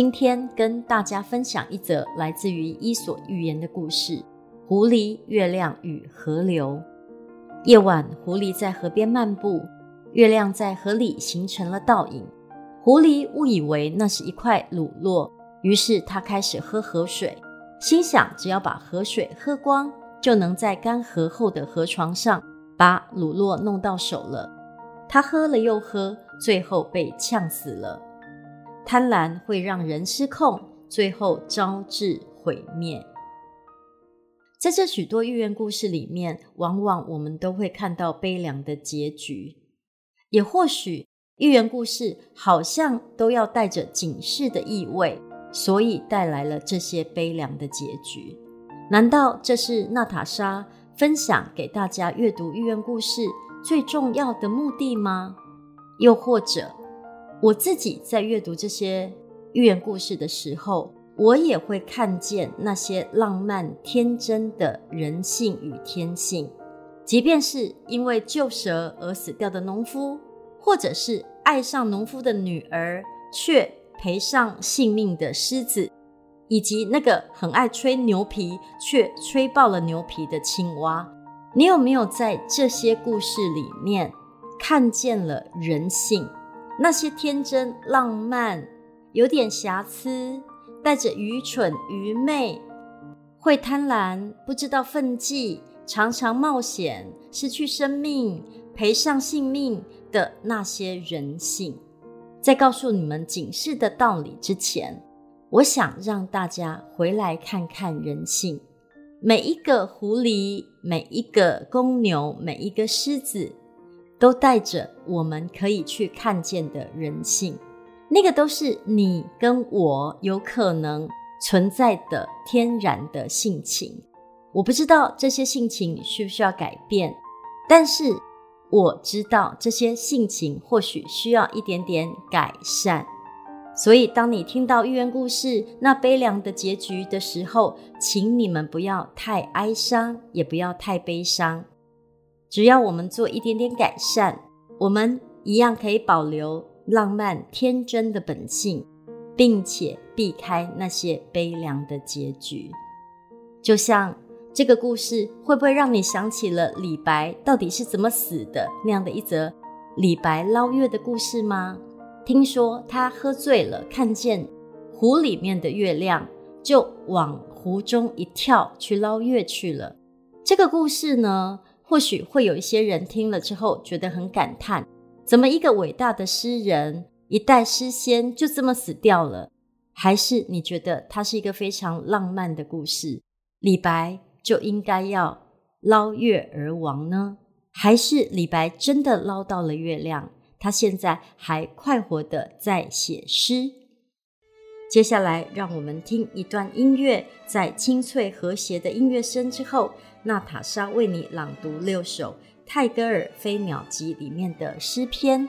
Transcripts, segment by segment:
今天跟大家分享一則來自於《伊索寓言》的故事：狐狸、月亮與河流。夜晚，狐狸在河邊漫步，月亮在河裡形成了倒影，狐狸誤以為那是一塊乳酪，於是他開始喝河水，心想只要把河水喝光，就能在乾涸後的河床上把乳酪弄到手了。他喝了又喝，最後被嗆死了。貪婪會讓人失控，最後招致毀滅。在這許多寓言故事裡面，往往我們都會看到悲涼的結局。也或許，寓言故事好像都要帶着警示的意味，所以帶來了這些悲涼的結局。難道這是娜塔莎分享給大家閱讀寓言故事最重要的目的嗎？又或者？我自己在閱讀這些寓言故事的時候，我也會看見那些浪漫、天真的人性與天性。即便是因為救蛇而死掉的農夫，或者是愛上農夫的女兒卻賠上性命的獅子，以及那個很愛吹牛皮卻吹爆了牛皮的青蛙，你有沒有在這些故事裡面看見了人性？那些天真、浪漫、有點瑕疵、帶着愚蠢愚昧、會貪婪、不知道分際、常常冒險、失去生命、賠上性命的那些人性，在告訴你們警示的道理之前，我想讓大家回來看看人性。每一個狐狸，每一個公牛，每一個獅子。都帶着我們可以去看見的人性，那個都是你跟我有可能存在的天然的性情。我不知道這些性情需不需要改變，但是我知道這些性情或許需要一點點改善。所以，當你聽到寓言故事那悲涼的結局的時候，請你們不要太哀傷，也不要太悲傷。只要我們做一點點改善，我們一樣可以保留浪漫天真的本性，並且避開那些悲涼的結局。就像這個故事，會不會讓你想起了李白到底是怎麼死的那樣的一則李白撈月的故事嗎？聽說他喝醉了，看見湖裡面的月亮，就往湖中一跳去撈月去了。這個故事呢，或許會有一些人聽了之後覺得很感嘆，怎麼一個偉大的詩人、一代詩仙就這麼死掉了？還是你覺得他是一個非常浪漫的故事？李白就應該要撈月而亡呢？還是李白真的撈到了月亮，他現在還快活的在寫詩？接下來，讓我們聽一段音樂，在清脆和諧的音樂聲之後，娜塔莎為你朗讀六首泰戈爾《飛鳥集》裡面的詩篇。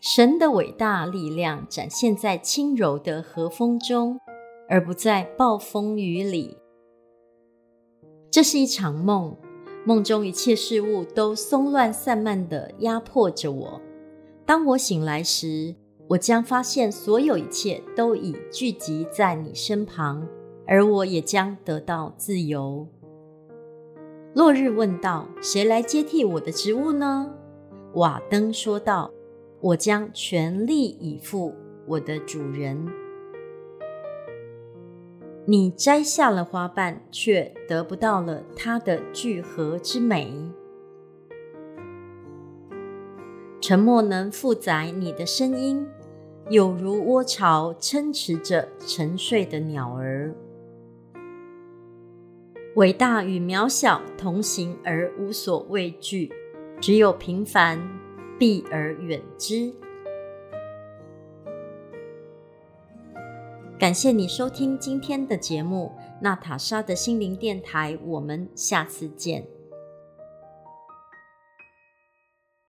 神的偉大力量展現在輕柔的和風中，而不在暴風雨裡。這是一場夢，夢中一切事物都鬆亂散漫地壓迫着我。當我醒來時，我將發現所有一切都已聚集在你身旁，而我也將得到自由。落日問道：“誰來接替我的職務呢？”瓦登說道：“我將全力以赴，我的主人。你摘下了花瓣，卻得不到了它的聚合之美。沉默能負載你的聲音，有如窩巢撐持着沉睡的鳥兒。”偉大與渺小同行而無所畏懼，只有平凡避而遠之。感謝你收聽今天的節目，《娜塔莎的心靈電台》，我們下次見。